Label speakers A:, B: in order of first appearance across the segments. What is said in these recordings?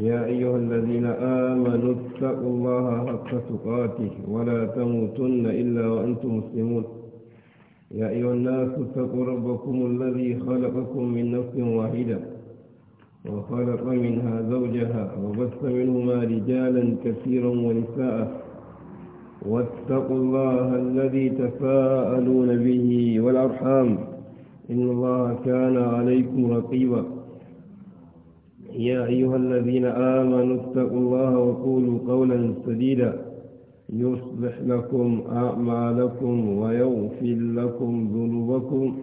A: يا أيها الذين آمنوا اتقوا الله حق تقاته ولا تموتن إلا وأنتم مسلمون يا أيها الناس اتقوا ربكم الذي خلقكم من نفس واحدة وخلق منها زوجها وبث منهما رجالا كثيرا ونساء واتقوا الله الذي تساءلون به والأرحام إن الله كان عليكم رقيبا يا أيها الذين آمنوا اتقوا الله وقولوا قولا سديدا يصلح لكم أعمالكم ويغفر لكم ذنوبكم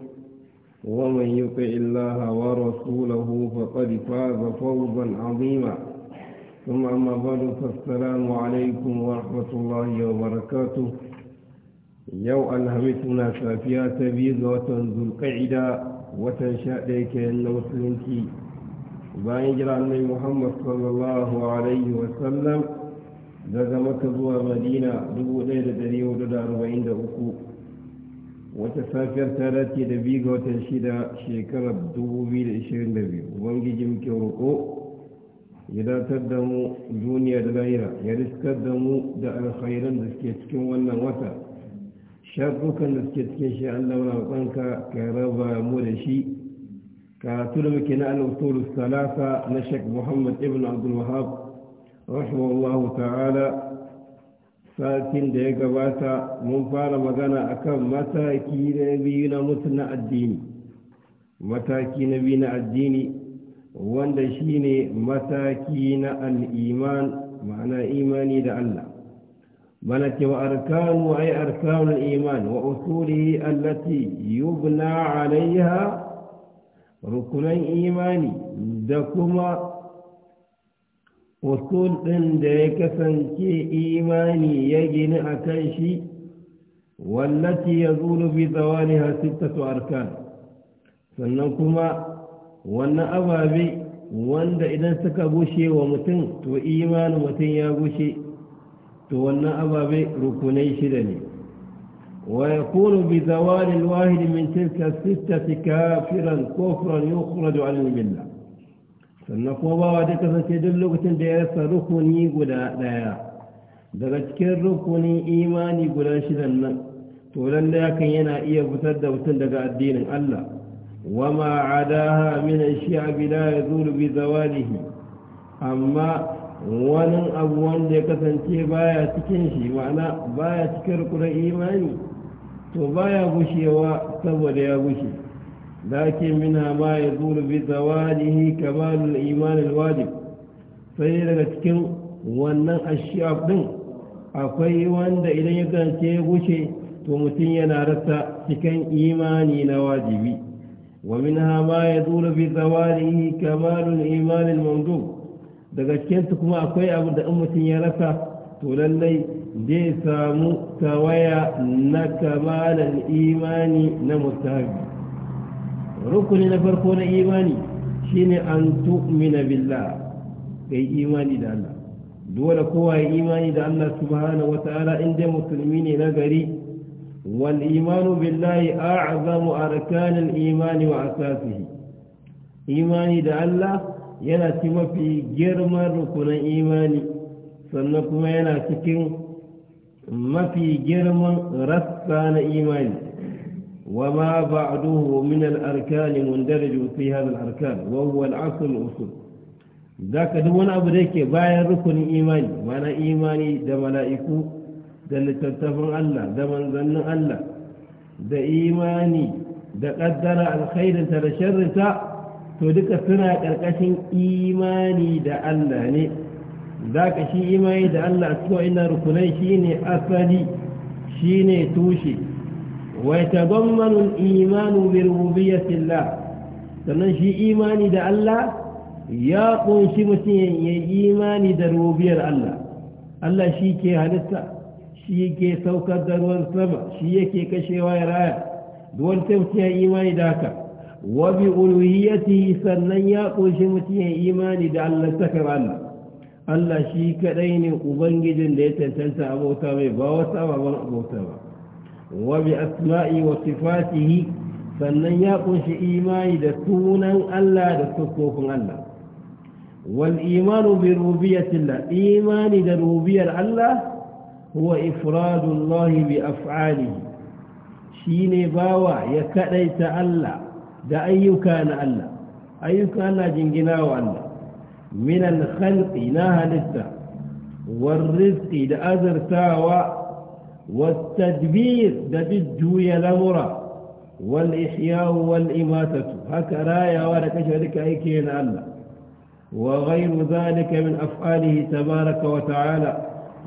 A: ومن يطع الله ورسوله فقد فاز فوزا عظيما ثم أما بعد فالسلام عليكم ورحمة الله وبركاته يو ألهمتنا سافيات بيض وتنزل قعدا وتنشأ ليك أن مسلمتي bayan jira annabi muhammad sallallahu alaihi wa sallam daga maka zuwa madina 1443 wata safiyar ta dace da biyu ga watan shida shekarar 2022 ubangiji muke roƙo ya datar da mu duniya da lahira ya riskar da mu da alkhairan da suke cikin wannan wata shafukan da suke cikin shi allah wani ka raba mu da shi كاتب مكينا الأصول الثلاثة نشك محمد ابن عبد الوهاب رحمه الله تعالى ساكن ديكا باتا مفارا مغانا أكام متى كي نبينا متنا الدين
B: متى كي نبينا الدين
A: واندشيني متى الإيمان معنى إيماني دا الله بلت وأركان أي أركان الإيمان وأصوله التي يبنى عليها rukunan imani da kuma usul ɗin da ya kasance imani ya gini a kan shi wallaci ya zuru bi tsawani hasittatu arkan sannan kuma wannan ababe wanda idan suka gushe wa mutum to imanin mutum ya gushe to wannan ababe rukunai shida ne ويكون بزوال الواحد من تلك الستة كافرا كفرا يخرج عن الملة فنقوى بعد كذا تدلق تنديس ركني قدا دايا daga cikin rukunin imani guda shidan nan to lalle hakan yana iya fitar da mutum daga addinin Allah wama adaha min ash-shi'ab la yazulu bi zawalihi amma wani abu wanda ya kasance baya cikin shi ma'ana baya cikin rukunin imani to ba ya gushewa saboda ya gushe ake mina ma ya zuru bi zawalihi kamalul imanin wajib sai daga cikin wannan ashiyaf din akwai wanda idan ya gance ya gushe to mutum yana rasa cikin imani na wajibi wa minha ma ya zuru bi zawalihi kamalul imanin mamdu daga cikinsu kuma akwai abu da in mutum ya rasa to lallai zai samu tawaya na kamalan imani na mutane. rukuni na farko na imani shine an tu'mina billah kai imani da Allah dole kowa ya imani da Allah subhanahu wata'ala in dai musulmi ne na gari wal imanu billahi a'zamu arkanil imani wa asasihi imani da Allah yana ci mafi girman rukunin imani sannan kuma yana cikin ما في rassa رسان imani وما بعده من الأركان مندرج في هذا الأركان وهو العصر الأصول ذاك دون أبريك بايا ركن إيماني معنى إيماني ده ملائكو ده لتتفع الله ده ظن الله ده إيماني ده قدر الخير ترى شر تودك سنة كالكشن إيماني ده الله za ka shi imani da Allah a cikin wa'innan rukunai shi ne asali shi ne tushe wai ta gwammanin imanu bi rububiyyatillah sannan shi imani da Allah ya ƙunshi mutum ya yi imani da rububiyar Allah Allah shi ke halitta shi ke saukar da ruwan sama shi yake kashewa ya raya duwan tafsi ya imani da haka wa bi uluhiyyatihi sannan ya ƙunshi mutum ya imani da Allah sakar Allah Allah shi kadai ne ubangijin da ya tantanta abota mai ba wasu ababen abota ba wa bi asma'i wa sifatihi sannan ya kunshi imani da sunan Allah da sufofin Allah wal imanu bi rubiyatillah imani da rubiyar Allah huwa ifradullahi bi af'alihi shine bawa ya kadaita Allah da ayyuka na Allah ayyuka Allah jingina wa Allah من الخلق لسا والرزق لأذر تاوى والتدبير دا بالجوية لمرة والإحياء والإماتة هكا رايا ولا كشرك أيكين الله وغير ذلك من أفعاله تبارك وتعالى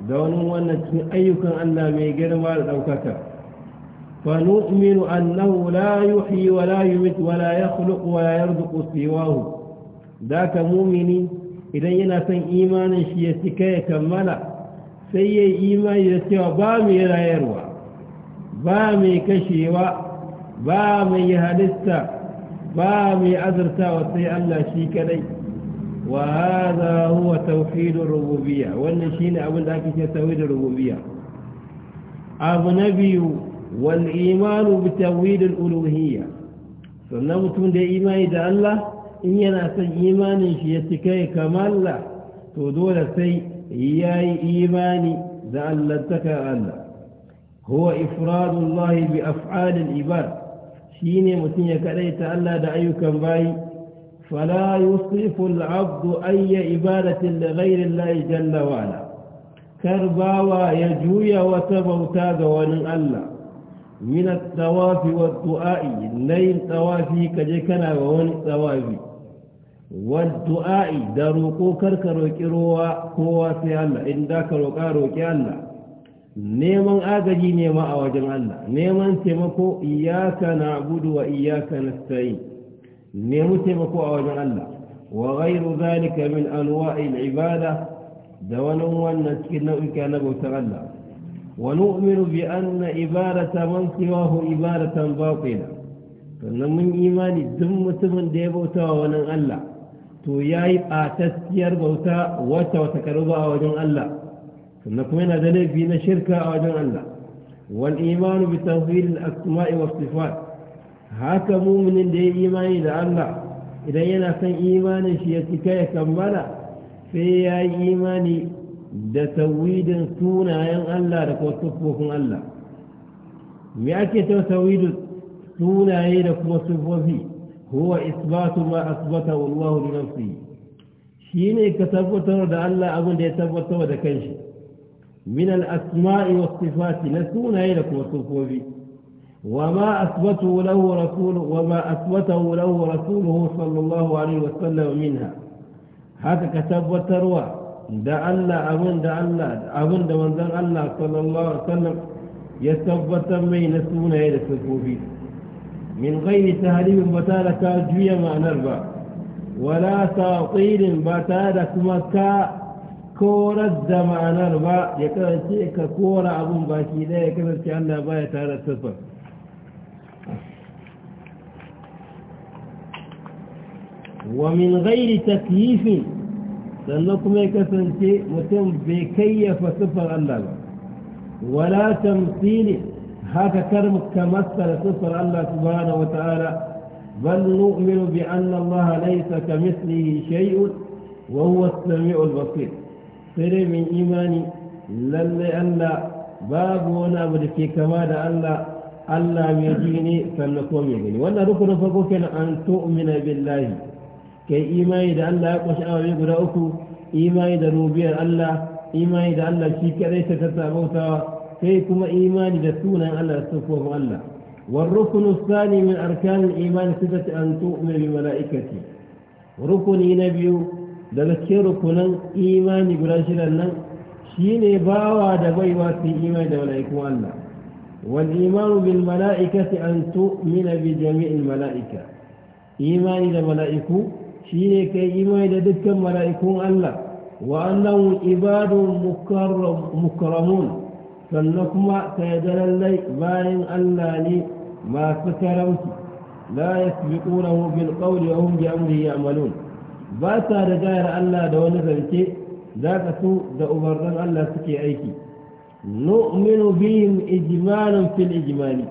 A: دون أن أيك أن ميقر أو أوكك فنؤمن أنه لا يحيي ولا يمت ولا يخلق ولا يرزق سواه da ka mumini idan yana son imanin shi ya cika ya kammala sai ya yi imani da cewa ba mai rayarwa ba mai kashewa ba mai halitta ba mai azurtawa sai Allah shi kadai wa hadha huwa tauhidur rububiyya wannan shine abin da ake cewa tauhidur rububiyya abu na biyu wal imanu bi tauhidil uluhiyya sannan mutum da imani da Allah in yana son imanin shi ya cika ya kamalla to dole sai ya yi imani da allantaka Allah huwa ifradullahi bi af'alil ibad shine mutum ya kadaita Allah da ayyukan bayi fala yusifu al-abdu ayya ibadatin li ghayri Allah jalla wa ala karbawa ya juya wata bauta ga wani Allah min at-tawafi wad-du'a layin tawafi kaje kana ga wani tawafi والدعاء دا روقو كرك روكي روا كوا سي الله إن داك روكا روكي الله neman agaji nema a wajen Allah neman taimako iyaka na gudu wa iyaka na sayi nemi taimako a wajen Allah wa ghairu zalika min anwa'il ibada da wani wannan cikin nau'ika na bautar Allah wa nu'minu bi anna ibadata man siwahu ibadatan batila sannan mun imani duk mutumin da ya bautawa wa wani Allah to yayi batasiyar bauta wata wata karuba a wajen Allah sannan kuma yana da laifi na shirka a wajen Allah wal imanu bi tawhid al asma'i was sifat haka mu'minin da ya imani da Allah idan yana son imanin shi ya cika ya kammala sai yayi imani da tawhidin sunayen Allah da kuma sifofin Allah me ake cewa tawhidin sunaye da kuma sifofi هو إثبات ما أثبته الله لنفسه شيني كتبته دا الله أبن دي تبته دا كنش من الأسماء والصفات لسون إليك وصفوا بي وما أثبته له رسوله وما أثبته له رسوله صلى الله عليه وسلم منها هذا كتب وتروى da الله أبن da الله أبن da الله صلى الله عليه وسلم يثبت من نسونا إلى sunaye من غير تهريب بتارة كاجوية ما نربى ولا تعطيل بتارة كما كا korar da ma'anar ba ya kasance ka kora abun baki daya ya kasance Allah ba ya tara sufar wa min gairi takyifin sannan kuma ya kasance mutum bai kayyafa sufar Allah ba wala tamsili هذا كرم كما صفر الله سبحانه وتعالى بل نؤمن بأن الله ليس كمثله شيء وهو السميع البصير سر من إيماني للي ألا باب ونعبد في كمال ألا ألا يجيني فلنقوم يجيني وأن ركنا فقوك أن تؤمن بالله كي إيماني دا ألا يقش أو يقرأك إيماني دا روبيا ألا إيماني دا ألا شيك ليس تتعبوتها sai kuma imani da sunan Allah da والركن الثاني من أركان الإيمان سفة أن تؤمن بملائكتي ركن نبي دلتشي ركنا إيمان براشلا شيني باوا دبي واسي إيمان ملائكة الله والإيمان بالملائكة أن تؤمن بجميع الملائكة إيمان الملائكة شيني كي إيمان دكا ملائكة الله وأنه عباد مكرم مكرمون sannan kuma sai da lallai bayan Allah ne masu karamci la yasbiqunahu bil qawli wa hum bi amrihi ya'malun ba sa da gayar Allah da wani zance zaka su da umarnin Allah suke aiki nu'minu bihim ijmalan fil ijmali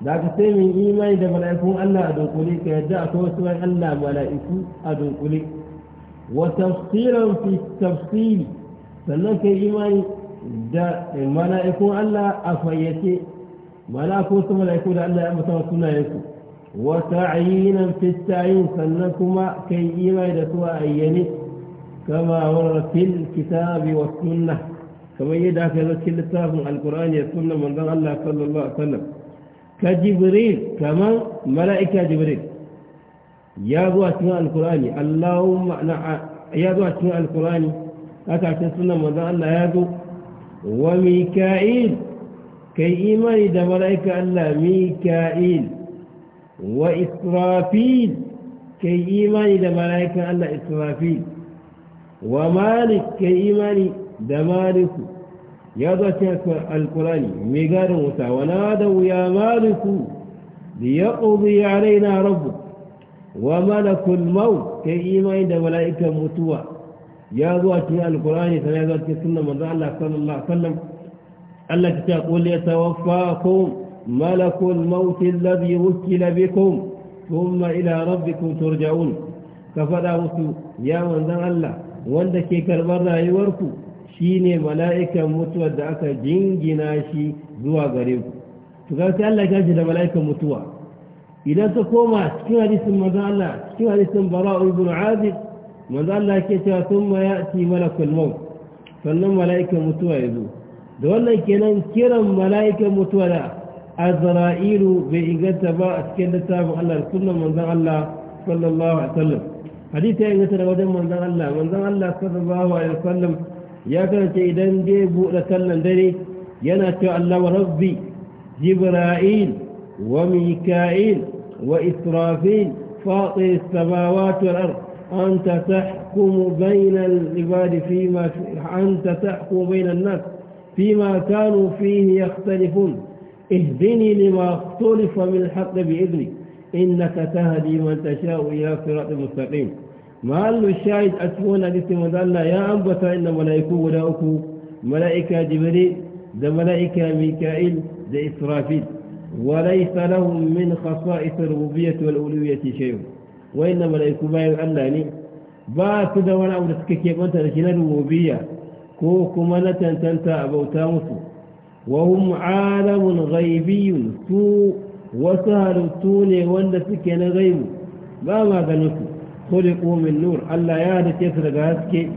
A: da ka sai min imani da mala'ikun Allah a dunkule ka yadda akwai wasu bayan Allah mala'iku a dunkule wa tafsiran fi tafsiri sannan kai imani da mala’iku Allah a fayyace mala'iku su mala'iku da Allah ya mata wa sunayensu wata ta'ayinan fittayin sannan kuma kai imai da su a ayyane kama warar fil kitabi wa suna, kamar yadda aka zo cikin littafin alkur'ani ya suna manzon Allah sallallahu alaihi wasallam ka jibril kamar mala'ika jibril ya zuwa a cikin alkur'ani Allahumma ya zo a cikin alkur'ani haka Allah ya zo وميكائيل كي إيماني دا ملائكة الله ميكائيل وإسرافيل كي إيماني دا ملائكة الله إسرافيل ومالك كي إيماني دا مالك يضع القرآن ميقار موسى ونادوا يا مالك ليقضي علينا ربك وملك الموت كي إيماني دا ملائكة متوى يا يازوا في القرآن يازوا في السنة من الله صلى الله عليه وسلم الله تقول يتوفاكم ملك الموت الذي وكل بكم ثم إلى ربكم ترجعون كفر أوسو يا من ذا الله وانك كربر يوركو شيني ملائكة متوى دعك جنجناشي ذوى غريب فقالت الله جاجد ملائكة متوى إذا تقوم سكين حديث مذالة سكين حديث براء ابن عازب manzo Allah yake cewa thumma ya'ti malakul maut sannan malaika mutuwa yazo da wannan kenan kiran malaika mutuwa da azra'ilu bai inganta ba a cikin littafin Allah da sunan manzon Allah sallallahu alaihi wasallam hadisi ya inganta da wajen manzon Allah manzon Allah sallallahu alaihi wasallam ya karanta idan dai buɗe sallan dare yana cewa Allah wa rabbi jibra'il wa mika'il wa israfil fatir samawati wal ardh أنت تحكم بين العباد فيما أنت تحكم بين الناس فيما كانوا فيه يختلفون اهدني لما اختلف من الحق بإذنك إنك تهدي من تشاء إلى صراط مستقيم ما له الشاهد أتمنى لسم الله يا أنبت إن ملائكه ولاؤك ملائكة جبريل ده ملائكة ميكائيل ده إسرافيل وليس لهم من خصائص الربوبية والأولوية شيء وإن لا يكون بايع اللاني باكد ولا أولدك كيف أنت لكي نروبية كوكما لتنتنت أبو تامسو وهم عالم غيبي تو وسهل توني واندسك أنا غيب ما ماذا نسو خلقوا من نور ألا يهدت يسرق هاتك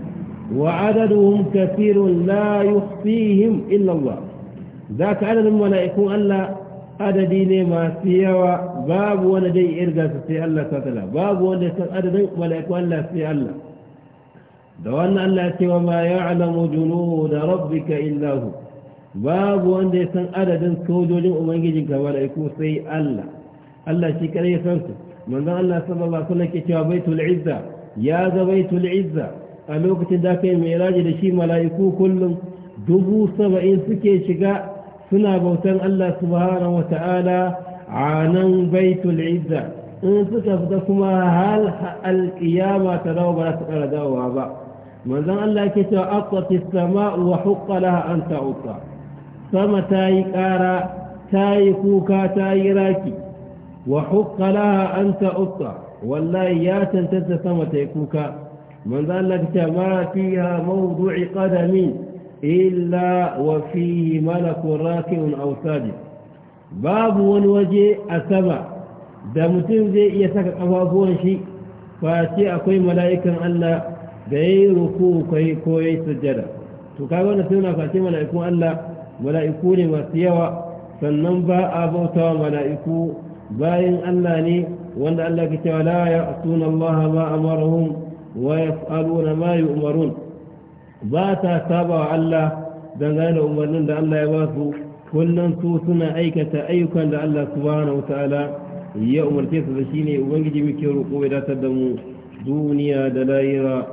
A: وعددهم كثير لا يخفيهم إلا الله ذاك عدد الملائكو أن adadi ne masu yawa babu wanda zai irga su sai Allah tala babu wanda san adadin mala'iku Allah sai Allah da wannan Allah ce wa ma ya'lamu junuda rabbika illa hu babu wanda ya san adadin sojojin ubangijin ka mala'iku sai Allah Allah shi kare ya san su manzon Allah sallallahu alaihi wasallam ke cewa baitul izza ya ga baitul izza a lokacin da kai mai raji da shi mala'iku kullum dubu saba'in suke shiga suna bautan Allah subhanahu wata'ala a nan baitul izza in suka fita kuma hal alƙiyama ta dawo ba su kara dawowa ba manzon Allah yake cewa aqati sama'u wa huqqa laha an ta'uqa sama ta yi kara ta yi kuka ta yi raki wa huqqa laha an ta'uqa wallahi ya tantance sama ta yi kuka manzon Allah yake cewa ma fiha mawdu'i qadami إلا وفيه ملك راكع أو ساجد باب ونوجه أسبع دمتن زي يسك أفابون شيء فاتي أكوي ملائكا ألا غير كوي كوي سجد تقابل نسيونا فاتي ملائكا ألا ملائكون وسيوا فالنبا أبوتا ملائكو باين ألا ني وأن ألا كتوا لا يأتون الله ما أمرهم ويسألون ما يؤمرون ba ta saba wa Allah dangane da umarnin da Allah ya ba su kullum su suna aikata ayyukan da Allah subhanahu wataala ya umarce su da shine ubangiji muke roƙo ya datar da mu duniya da lahira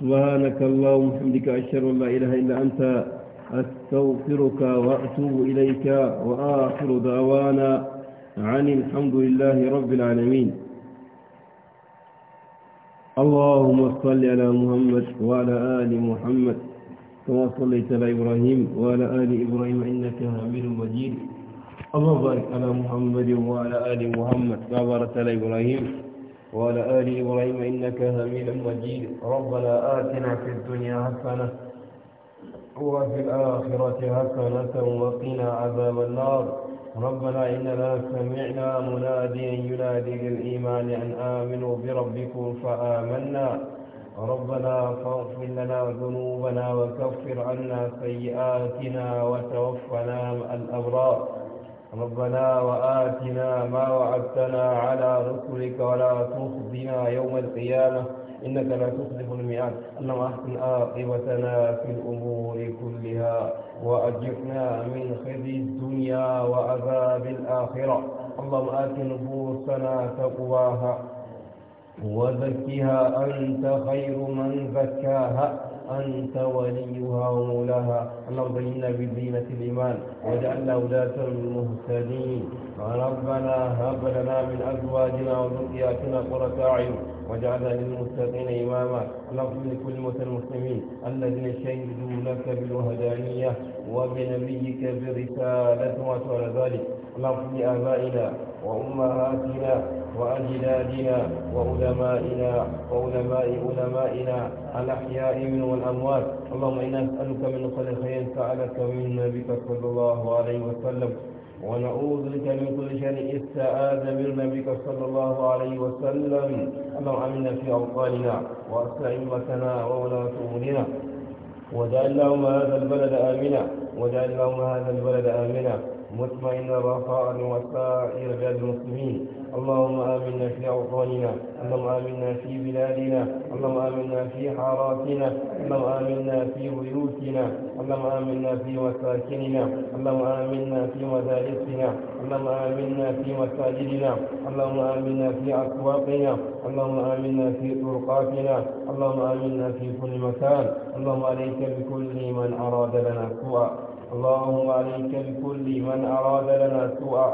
A: subhanaka allahumma hamdika ashhadu an la ilaha illa anta أستغفرك وأتوب إليك وآخر دعوانا عن الحمد لله رب العالمين اللهم صل على محمد وعلى آل محمد كما صليت على إبراهيم وعلى آل إبراهيم إنك حميد مجيد اللهم بارك على محمد وعلى آل محمد كما باركت على إبراهيم وعلى آل إبراهيم إنك حميد مجيد ربنا آتنا في الدنيا حسنة وفي الآخرة حسنة وقنا عذاب النار ربنا إننا سمعنا مناديا ينادي للإيمان أن آمنوا بربكم فآمنا ربنا فاغفر لنا ذنوبنا وكفر عنا سيئاتنا وتوفنا الأبرار ربنا وآتنا ما وعدتنا على رسلك ولا تخزنا يوم القيامة إنك لا تخلف الميعاد اللهم أحسن عاقبتنا في الأمور كلها وأجرنا من خزي الدنيا وعذاب الآخرة اللهم آت نفوسنا تقواها وزكها أنت خير من زكاها أنت وليها ومولاها اللهم زينا بزينة الإيمان واجعلنا ولاة المهتدين ربنا هب لنا من أزواجنا وذرياتنا قرة أعين واجعلنا للمتقين إماما اللهم لكل موتى المسلمين الذين شهدوا لك بالوهدانية وبنبيك بالرسالة وعلى ذلك اللهم لآبائنا وأمهاتنا وأجدادنا وعلمائنا وعلماء علمائنا الأحياء منهم والأموات اللهم إنا نسألك من كل خير سألك من نبيك صلى الله عليه وسلم ونعوذ بك من كل شر استعاذ من بك صلى الله عليه وسلم اللهم امنا في اوطاننا واصلح امتنا وولاة امورنا وجعل لهم هذا البلد امنا وجعل لهم هذا البلد امنا مطمئن رخاء وسائر بلاد المسلمين اللهم آمنا في أوطاننا اللهم آمنا في بلادنا اللهم آمنا في حاراتنا اللهم آمنا في بيوتنا اللهم آمنا في مساكننا اللهم آمنا في مدارسنا اللهم آمنا في مساجدنا اللهم آمنا في أسواقنا اللهم آمنا في طرقاتنا اللهم آمنا في كل مكان اللهم عليك بكل من أراد لنا سوءا اللهم عليك بكل من أراد لنا سوءا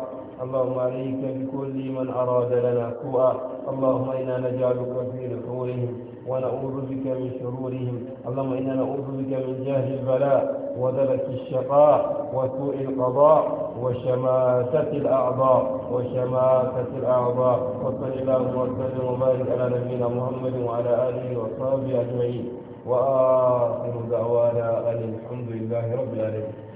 A: اللهم عليك بكل من أراد لنا سوءا اللهم إنا نجعلك في نحورهم ونعوذ بك من شرورهم اللهم إنا نعوذ بك من جهل البلاء ودلك الشقاء وسوء القضاء وشماتة الأعضاء وشماتة الأعضاء وصل اللهم وسلم وبارك على نبينا محمد وعلى آله وصحبه أجمعين وآخر دعوانا أن الحمد لله رب العالمين